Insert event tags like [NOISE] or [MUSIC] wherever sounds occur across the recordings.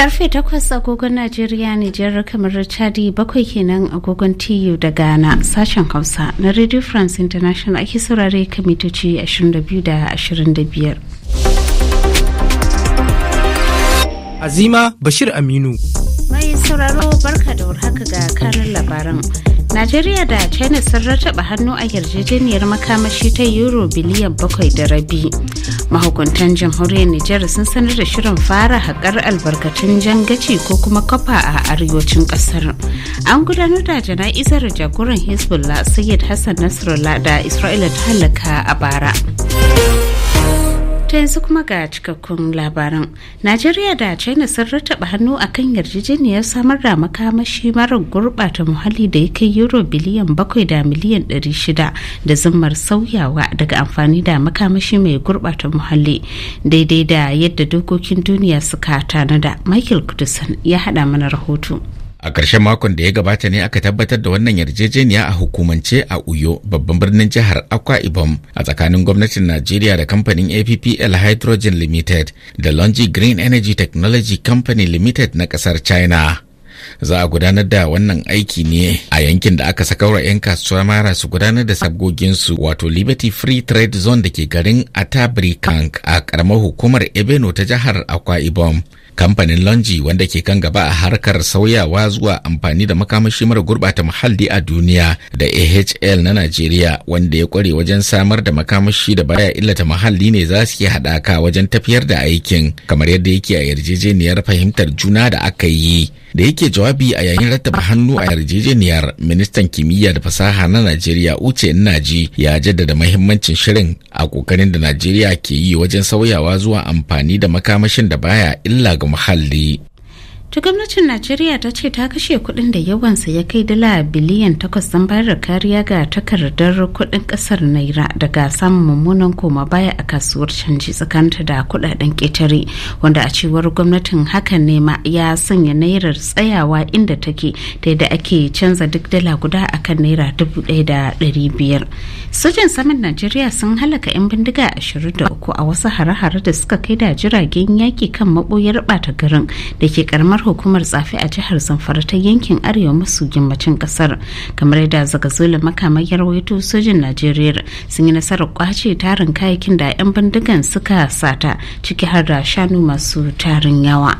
karfe 8 agogon najeriya nijar kamar chadi bakwai kenan agogon tu da ghana sashen hausa na radio france international ake saurare kamitoci 22 da 25 azima bashir aminu mai sauraro barka da warhaka ga kanin labaran Najeriya da China sun rataba hannu a yarjejeniyar makamashi ta Euro biliyan bakwai da rabi. Mahukuntan jamhuriyar Nijar sun sanar da shirin fara haƙar albarkatun jangaci ko kuma kafa a arewacin ƙasar. An gudanar da jana'izar jagoran Hezbollah Sayyid Hassan Nasrallah da Isra'ila ta halaka a bara. ta yanzu kuma ga cikakkun labaran najeriya da china sun rataba hannu akan yarjejeniyar samar da makamashi mara gurbata muhalli da ya kai euro biliyan bakwai da miliyan ɗari shida da zimmar sauyawa daga amfani da makamashi mai gurbata muhalli daidai da yadda dokokin duniya suka tanada michael kudusan ya haɗa mana rahoto a ƙarshen makon da ya gabata ne aka tabbatar da wannan yarjejeniya a hukumance a uyo babban birnin jihar akwa ibom a tsakanin gwamnatin najeriya da kamfanin appl hydrogen limited da longi green energy technology company limited na ƙasar china za a gudanar da wannan aiki ne a yankin da aka sakaura 'yan kasuwa mara su gudanar da sabgoginsu wato liberty free trade zone da ke garin atabrikank a ƙaramar hukumar ebeno ta jihar akwa ibom kamfanin longi wanda ke kan gaba a harkar sauyawa zuwa amfani da makamashi mara gurbata muhalli a duniya da ahl na najeriya wanda ya kware wajen samar da makamashi da baya illata muhalli ne za su yi haɗaka wajen tafiyar da aikin kamar yadda yake a yarjejeniyar fahimtar juna da aka yi da yake jawabi a yayin rattaba hannu a yarjejeniyar ministan kimiyya da fasaha na najeriya uche naji ya jaddada mahimmancin shirin a kokarin da najeriya ke yi wajen sauyawa zuwa amfani da makamashin da baya illa ga محلي ta gwamnatin najeriya ta ce ta kashe kudin da yawansa ya kai dala biliyan takwas don bayar da kariya ga takardar kudin kasar naira daga samun mummunan koma baya a kasuwar canji tsakanta da kudaden ketare wanda a cewar gwamnatin hakan ne ma ya sanya nairar tsayawa inda take ta da ake canza duk dala guda akan naira dubu ɗaya da ɗari biyar sojan saman najeriya sun halaka 'yan bindiga ashirin da uku a wasu hare-hare da suka kai da jiragen yaki kan maɓoyar ɓata garin da ke ƙaramar kamar hukumar tsafi a jihar zamfara ta yankin arewa maso yammacin kasar kamar yadda zagazola makamayyar waito sojin najeriya sun yi nasarar kwace tarin kayakin da 'yan bindigan suka sata ciki har da shanu masu tarin yawa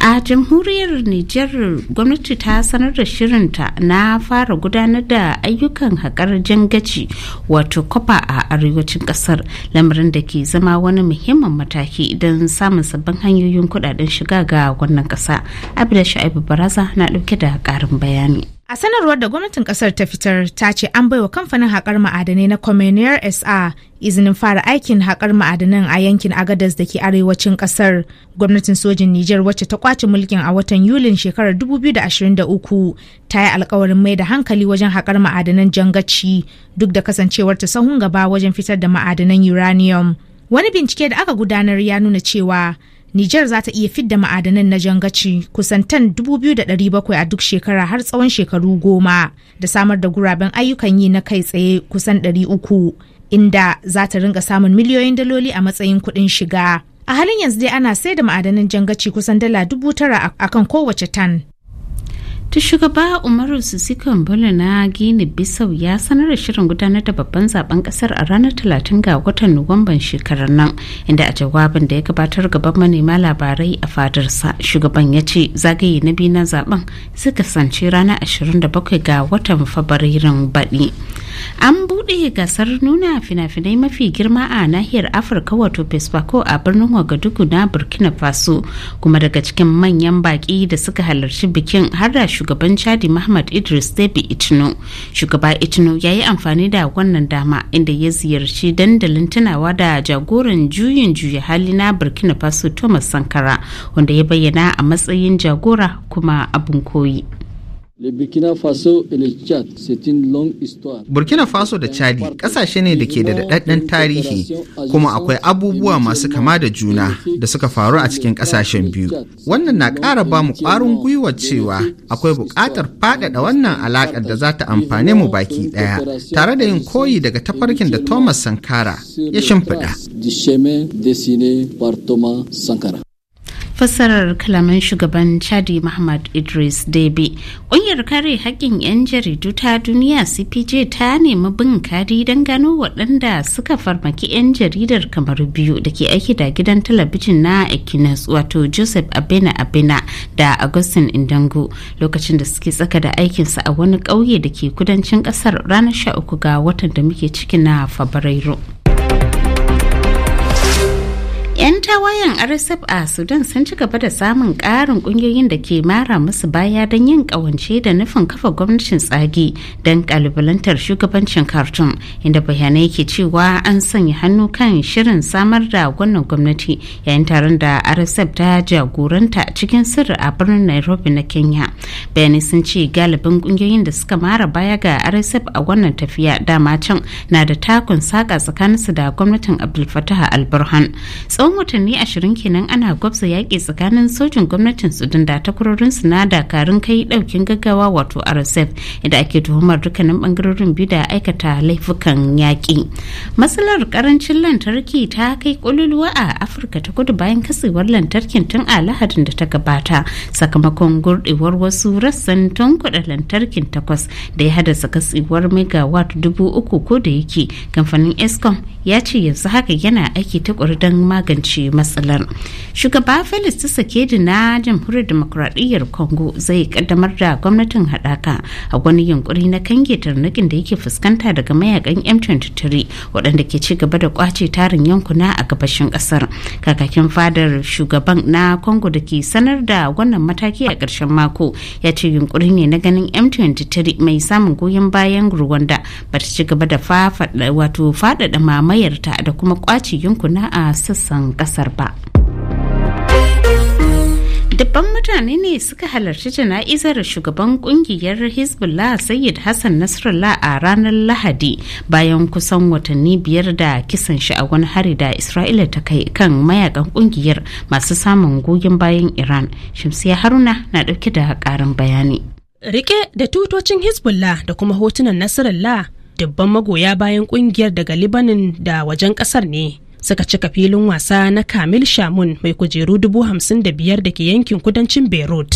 a jamhuriyar niger gwamnati ta sanar da shirin ta na fara gudanar da ayyukan haƙar jangaci wato kwafa a arewacin kasar lamarin da ke zama wani muhimmin mataki don samun sabbin hanyoyin kudaden shiga ga wannan kasa abda sha'ibu baraza na ɗauke da ƙarin bayani A sanarwar da gwamnatin kasar ta fitar ta ce an baiwa kamfanin haƙar ma'adanai na Communiyar SA izinin fara aikin haƙar ma'adanan a yankin Agadas da ke arewacin kasar. Gwamnatin sojin Nijar wacce ta kwace mulkin a watan Yulin shekarar 2023 ta yi alkawarin mai da hankali wajen haƙar ma'adanan jangaci duk da kasancewar ta sahun gaba wajen fitar da ma'adanan uranium. Wani bincike da aka gudanar ya nuna cewa Nijar za ta iya fidda ma'adanan na jangaci kusan tan 2,700 a duk shekara har tsawon shekaru goma da samar da guraben ayyukan yi na kai tsaye kusan 300 inda za ta ringa samun miliyoyin daloli a matsayin kuɗin shiga. A halin yanzu dai ana sai da ma'adanan jangaci kusan dala dubu tara a kan kowace tan ta shugaba umaru sisikan bola na gini bisau ya sanar da shirin gudanar da babban zaben kasar a ranar 30 ga watan nuwamban shekarar nan inda a jawabin da ya gabatar gaban manema labarai a fadarsa shugaban ya ce zagaye na biyu na zaben suka kasance ranar 27 ga watan fabrairun baɗi an buɗe gasar nuna fina-finai mafi girma a nahiyar afirka wato fesfako a birnin wagadugu na burkina faso kuma daga cikin manyan baƙi da suka halarci bikin har da shugaban chadi mahmad idris debi itino shugaba itno ya yi amfani da wannan dama inda ya ziyarci dandalin tunawa da jagoran juyin juya hali na burkina faso thomas sankara wanda ya bayyana a matsayin jagora kuma abin koyi Burkina Faso da Chadi ƙasashe ne da ke da daɗaɗɗen tarihi kuma akwai abubuwa masu kama da juna da suka faru a cikin ƙasashen biyu. Wannan na ƙara ba mu ƙwarin gwiwa cewa akwai buƙatar faɗaɗa wannan alaƙar da za ta amfane mu baki ɗaya tare da yin koyi daga tafarkin da Thomas Sankara ya shimfiɗa. fassarar kalaman shugaban chadi muhammad idris debe ƙungiyar kare haƙƙin 'yan jaridu ta duniya cpj ta nemi bin kari don gano waɗanda suka farmaki 'yan jaridar kamar biyu da ke aiki da gidan talabijin na ekinas wato joseph abena abena da augustin indango lokacin da suke tsaka da aikinsa a wani ƙauye da ke kudancin ƙasar ranar 13 ga watan da muke ciki na fabrairu. tawayen rsf a sudan sun ci gaba da samun karin ƙungiyoyin da ke mara musu baya don yin ƙawance da nufin kafa gwamnatin tsagi don ƙalubalantar shugabancin khartoum inda bayanai ke cewa an sanya hannu kan shirin samar da wannan gwamnati yayin taron da rsf ta jagoranta cikin sirri a birnin nairobi na kenya bayanai sun ce galibin ƙungiyoyin da suka mara baya ga rsf a wannan tafiya dama can na da takun saka tsakaninsu da gwamnatin abdulfatah al-burhan tsawon watanni ashirin kenan ana gwabza yaƙi tsakanin sojin gwamnatin sudan da takwarorin su na dakarun kai ɗaukin gaggawa wato rsf inda ake tuhumar dukkanin bangarorin biyu da aikata laifukan yaƙi matsalar karancin lantarki ta kai ƙololuwa a afirka ta kudu bayan katsewar lantarkin tun a lahadin da ta gabata sakamakon gurɗewar wasu rassan tun kuɗa lantarkin takwas da ya haddasa katsewar megawatt dubu uku ko da yake kamfanin escom ya ce yanzu haka yana aiki ta don magance matsalar shugaba felix tsakedi na jamhuriyar demokuraɗiyyar congo zai kaddamar da gwamnatin haɗaka a wani yunkuri na kange tarnakin da yake fuskanta daga mayakan m23 waɗanda ke ci gaba da kwace tarin yankuna a gabashin ƙasar kakakin fadar shugaban na congo da ke sanar da wannan mataki a ƙarshen mako ya ce yunkuri ne na ganin m23 mai samun goyon bayan rwanda ba ta ci gaba da wato faɗaɗa mamayarta da kuma kwace yankuna a sassan ƙasa. kasar ba. dubban mutane ne suka halarci jana'izar shugaban kungiyar hezbollah sayyid hassan nasrallah a ranar lahadi bayan kusan watanni biyar da kisan shi a wani hari da isra'ila ta kai kan mayakan kungiyar masu samun goyon bayan iran shamsiya haruna na ɗauke da ƙarin bayani rike da tutocin hezbollah da kuma hotunan nasrallah dubban magoya bayan kungiyar daga libanin da wajen ƙasar ne suka cika filin wasa na kamil shamun mai kujeru dubu hamsin da biyar da ke yankin kudancin beirut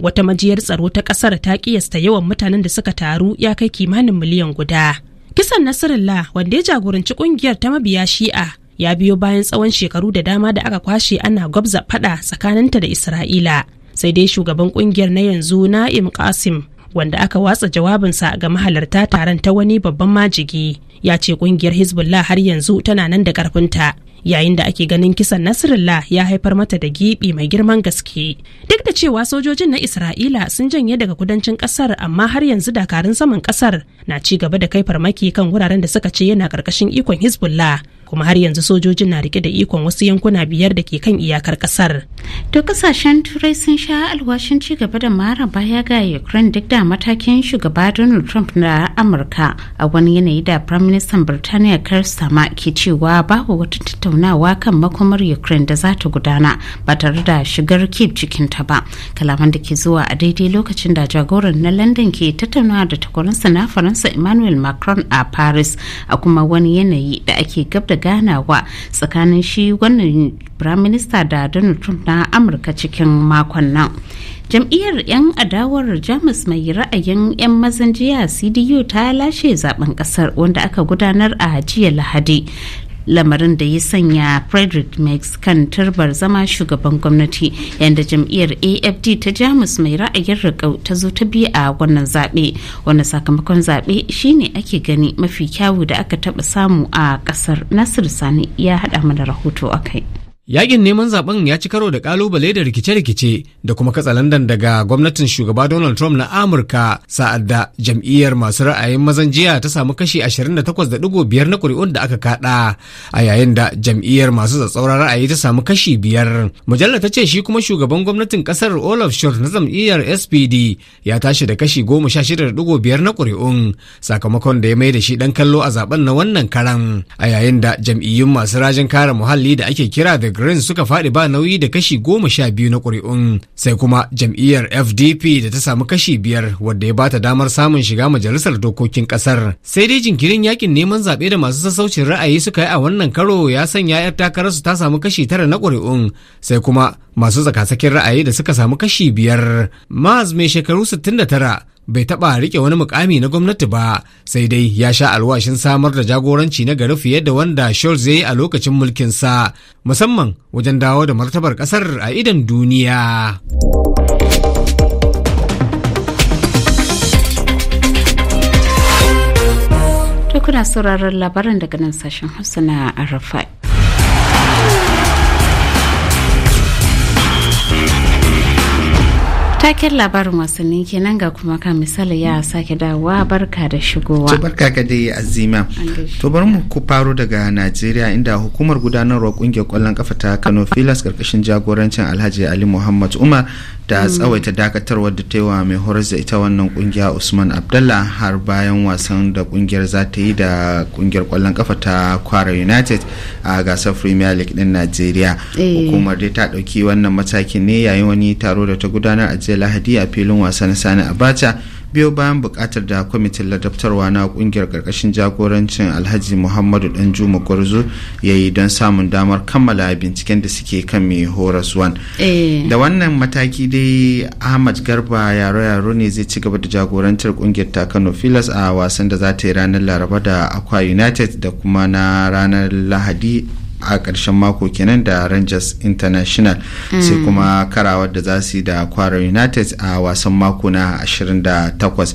wata majiyar tsaro ta kasar ta kiyasta yawan mutanen da suka taru ya kai kimanin miliyan guda kisan nasarallah wanda ya jagoranci kungiyar ta mabiya shi'a ya biyo bayan tsawon shekaru da dama da aka kwashe ana gwabza fada tsakaninta da isra'ila sai dai shugaban kungiyar na yanzu na'im qasim wanda aka watsa jawabinsa ga mahalarta taron ta wani babban majigi ya ce kungiyar hezbollah har yanzu tana nan da karfinta yayin da ake ganin kisan nasrullah ya haifar mata da giɓi mai girman gaske duk da cewa sojojin na isra'ila sun janye daga kudancin kasar amma har yanzu dakarun saman kasar na ci gaba da kai farmaki kan wuraren da suka ce yana ƙarƙashin ikon hezbollah kuma har yanzu sojojin na rike da ikon wasu yankuna biyar da ke kan iyakar kasar to kasashen turai sun sha alwashin ci gaba da mara baya ga ukraine duk da matakin shugaba donald trump na amurka a wani yanayi da prime minister birtaniya ma ke cewa babu wata tattaunawa kan makomar ukraine da za ta gudana ba tare da shigar kiev cikinta ba kalaman da ke zuwa a daidai lokacin da jagoran na london ke tattaunawa da takwarinsa na faransa emmanuel macron a paris a kuma wani yanayi da ake gab da ganawa tsakanin shi wannan firaminista da donald trump na amurka cikin makon nan jam'iyyar 'yan adawar jamus mai ra'ayin 'yan mazan jiya cdu ta lashe zaben kasar wanda aka gudanar a jiya lahadi lamarin da ya sanya frederick max kan turbar zama shugaban gwamnati yadda jam'iyyar afd ta jamus mai ra'ayin rikau ta zo ta biyu a wannan zaɓe wanda sakamakon zaɓe shine ake gani mafi kyawu da aka taɓa samu a ƙasar nasir sani ya haɗa mana rahoto akai kai Yakin neman zaben ya ci karo da kalubale da rikice-rikice da kuma katsalandan daga gwamnatin shugaba Donald Trump na Amurka sa'ad da jam'iyyar masu ra'ayin mazan jiya ta samu kashi 28.5 na kuri'un da aka kada a yayin da jam'iyyar masu tsatsauran ra'ayi ta samu kashi biyar. Mujallar ta ce shi kuma shugaban gwamnatin kasar Olaf Scholz na jam'iyyar SPD ya tashi da kashi 16.5 na kuri'un sakamakon da ya mai da shi dan kallo a zaben na wannan karan a yayin da jam'iyyun masu rajin kare muhalli da ake kira da greens suka faɗi ba nauyi da kashi goma sha biyu na ƙuri'un sai kuma jam'iyyar fdp da ta samu kashi biyar wadda ya bata damar samun shiga majalisar dokokin ƙasar sai dai jinkirin yakin neman zaɓe da masu sassaucin ra'ayi suka yi a wannan karo ya sanya 'yar su ta samu kashi tara na ƙuri'un sai kuma masu tsakatsakin ra'ayi da suka samu kashi biyar maz mai shekaru 69 bai taɓa riƙe wani mukami na gwamnati ba sai dai ya sha alwashin samar da jagoranci na gari fiye da wanda Scholz ya yi a lokacin mulkin sa musamman wajen dawo da martabar kasar a idan duniya. kuna sauraron labarin daga nan sashen Hausa na Arafai. Taken labarin wasanni nan ga kuma kan misali ya sake dawowa barka da shigowa. To barka ga dai azima. To bari mu ku faro daga Najeriya inda hukumar gudanarwa kungiyar kwallon kafa ta Kano Filas karkashin jagorancin Alhaji Ali Muhammad Umar da hmm. tsawaita dakatarwar da ta yi wa mai horar da ita wannan kungiya usman abdallah har bayan wasan da kungiyar za ta yi da kungiyar kwallon kafa ta kwara united a gasar premier league din nigeria eh. hukumar dai ta dauki wannan matakin ne yayin wani taro da ta gudanar a jiya lahadi a filin wasan sani abacha biyo bayan bukatar da kwamitin ladabtarwa na kungiyar karkashin jagorancin alhaji muhammadu Danjuma juma gwarzo ya yi don samun damar kammala binciken da suke kan mai horas wan eh. da wannan mataki dai ahmad garba yaro yaro ne zai ci gaba da jagorantar kungiyar takano filas a wasan da za ta yi ranar laraba da akwa united da kuma na ranar lahadi a ƙarshen mako kenan da rangers international mm. sai kuma karawar da za su yi da kwara united a wasan mako na 28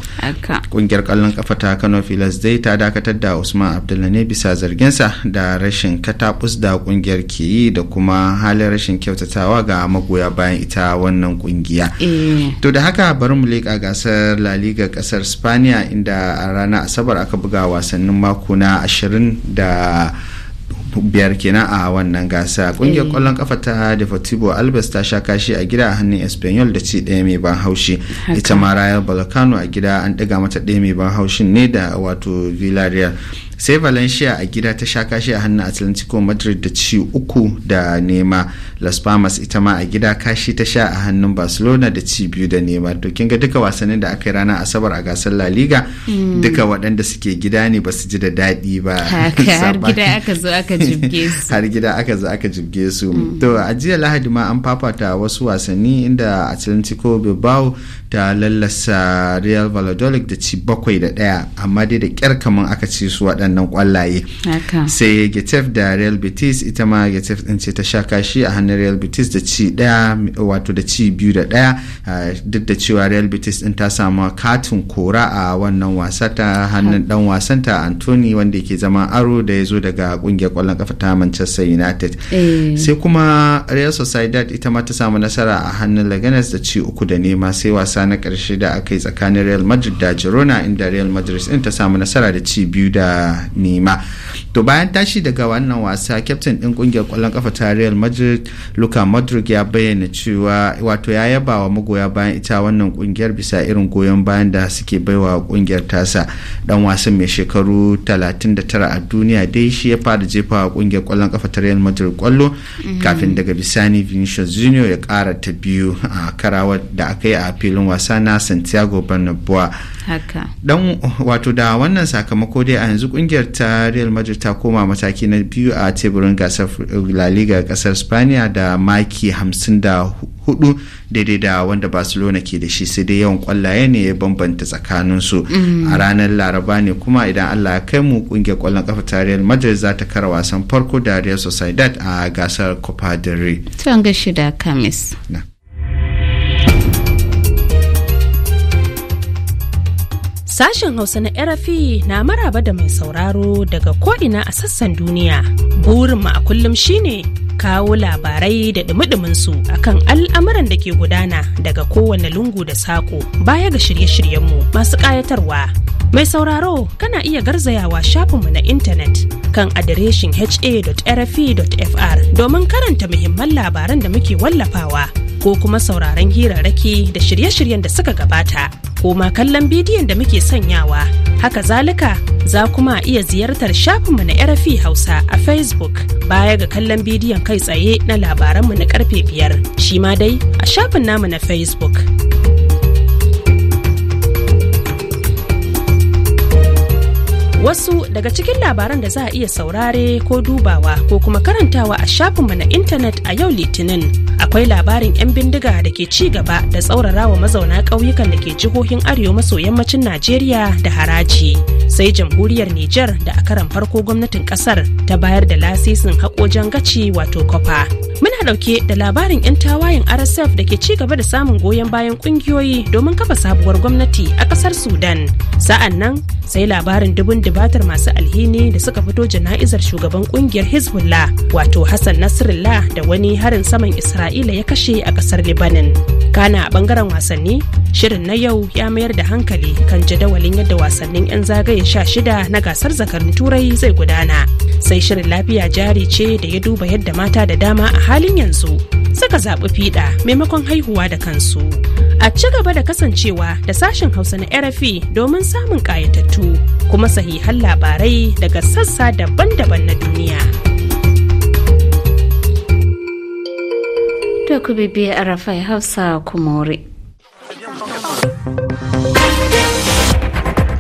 ƙungiyar kallon ƙafa ta kano filas zai ta dakatar da usman abdullah ne bisa zarginsa da rashin katakus da ƙungiyar ke yi da kuma halin rashin kyautatawa ga magoya bayan ita wannan ƙungiya eh. to da haka bari mu leƙa gasar la liga ƙasar spaniya inda a ranar asabar aka buga wasannin mako na 20 da biyar kena a wannan gasa kungiyar eh. kwallon kafa ta deportivo albes ta sha kashi a gida a hannun espanyol da ci ɗaya mai ban haushi ita ma rayar balkano a gida an ɗiga mata ɗaya mai ban haushin ne da wato villarreal sai valencia a gida ta sha kashi a hannun atlantico madrid da ci uku da nema las palmas ita ma a gida kashi ta sha a hannun barcelona da ci biyu da nema to kin ga duka wasannin da aka yi ranar asabar a gasar la liga mm. duka waɗanda suke gida ne ba su ji da daɗi ba har gida aka zo aka jibge [LAUGHS] su har gida aka zo aka jibge su mm. to a jiya lahadi ma an fafata wasu wasanni inda atlantico bilbao ta lallasa real valladolid da ci bakwai da ɗaya amma dai da kyar kamar aka ci su waɗanda waɗannan kwallaye sai getef da real betis ita ma getef ɗin ce ta sha kashi a hannun real betis da ci ɗaya wato da ci biyu da ɗaya ah, duk da cewa real betis ɗin ta samu katin kora a wannan wasa ta hannun dan wasan ta antoni wanda yake zama aro da ya zo daga ƙungiyar kwallon kafa ta manchester united eh. sai kuma real sociedad ita ma ta samu nasara a hannun laganas da ci uku da nema sai wasa na karshe da aka yi tsakanin real madrid da girona inda real madrid din ta samu nasara da ci biyu da nema to bayan tashi daga wannan wasa kyaftin din kungiyar kwallon kafa ta real madrid luka modric ya bayyana cewa wato ya yaba wa magoya bayan ita wannan kungiyar bisa irin goyon bayan da suke baiwa kungiyar tasa dan wasan mai shekaru 39 a duniya dai shi ya fara jefa wa kungiyar kwallon kafa ta real madrid kwallo mm-hmm. kafin daga bisani vinicius junior ya kara ta biyu a karawar da aka yi a filin wasa na santiago bernabeu haka dan wato da wannan sakamako dai a yanzu kungiyar ta real madrid ta koma mataki na biyu a teburin gasar la liga kasar spaniya da maki da hudu daidai da wanda barcelona ke da shi sai dai yawan kwallaye ne ya bambanta tsakaninsu mm. a ranar laraba ne kuma idan allah ya kai mu kungiyar kwallon kafa ta real madrid za ta kara wasan farko da real sociedad a gasar copa del rey. tun gashi da kamis. Sashen Hausa na RFI na maraba da mai sauraro daga ko'ina a sassan duniya. Burinmu a kullum shine kawo labarai da dumi su akan al'amuran da ke gudana daga kowane lungu da saƙo baya ga shirye-shiryenmu masu ƙayatarwa. Mai sauraro kana iya garzayawa shafinmu na intanet kan adireshin ha.rfi.fr domin karanta muhimman labaran da muke wallafawa ko kuma sauraron hirarraki da shirye-shiryen da suka gabata. koma kallon bidiyon da muke sanyawa. Haka zalika za kuma a iya ziyartar shafinmu na RFI Hausa a Facebook baya ga kallon bidiyon kai tsaye na labaranmu na karfe biyar. shima dai a shafin namu na Facebook. Wasu daga cikin labaran da za a iya saurare ko dubawa ko kuma karantawa a shafinmu na intanet a yau Litinin. Akwai labarin 'yan bindiga da ke ci gaba da tsaurara wa mazauna ƙauyukan da ke jihohin Arewa maso yammacin Najeriya da haraji. Sai jamhuriyar Nijar da a karan farko gwamnatin ƙasar ta bayar da lasisin haƙojan gaci wato kwafa dauke da labarin 'yan tawayen rsf da ke ci gaba da samun goyon bayan kungiyoyi domin kafa sabuwar gwamnati a kasar sudan sa'an nan sai labarin dubun dubatar masu alhini da suka fito jana'izar shugaban kungiyar hezbollah wato hassan nasrallah da wani harin saman isra'ila ya kashe a kasar libanin kana a bangaren wasanni shirin na yau ya mayar da hankali kan jadawalin yadda wasannin 'yan zagaye sha shida na gasar zakarun turai zai gudana sai shirin lafiya jari ce da ya duba yadda mata da dama a hali? halin yanzu suka zaɓi fiɗa maimakon haihuwa da kansu. A ci gaba da kasancewa da sashen Hausa na RFI domin samun ƙayatattu kuma sahihan labarai daga sassa daban-daban na duniya. Da ku bibiya rafai Hausa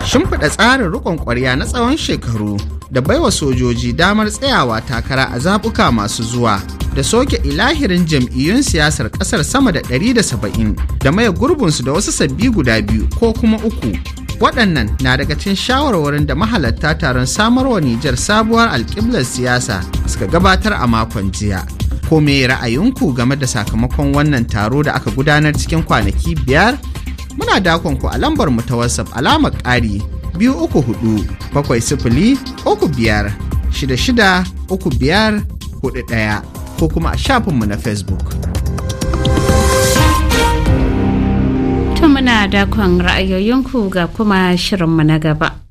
Shimfiɗa tsarin riƙon ƙwarya na tsawon shekaru da baiwa sojoji damar tsayawa takara a zaɓuka masu zuwa. da soke ilahirin jam'iyyun siyasar kasar sama da 170 da maye gurbinsu da wasu sabbi guda biyu ko kuma uku waɗannan na daga cikin shawarwarin da mahalatta taron samarwa nijar sabuwar alƙiblar siyasa suka gabatar a makon jiya ko me ra'ayinku game da sakamakon wannan taro da aka gudanar cikin kwanaki biyar muna dakon ku a lambar mu ta whatsapp alamar ƙari biyu uku hudu bakwai sifili uku biyar shida shida uku biyar hudu ɗaya ko kuma a shafinmu na Facebook. To muna dakon ra'ayoyinku ga kuma shirinmu na gaba.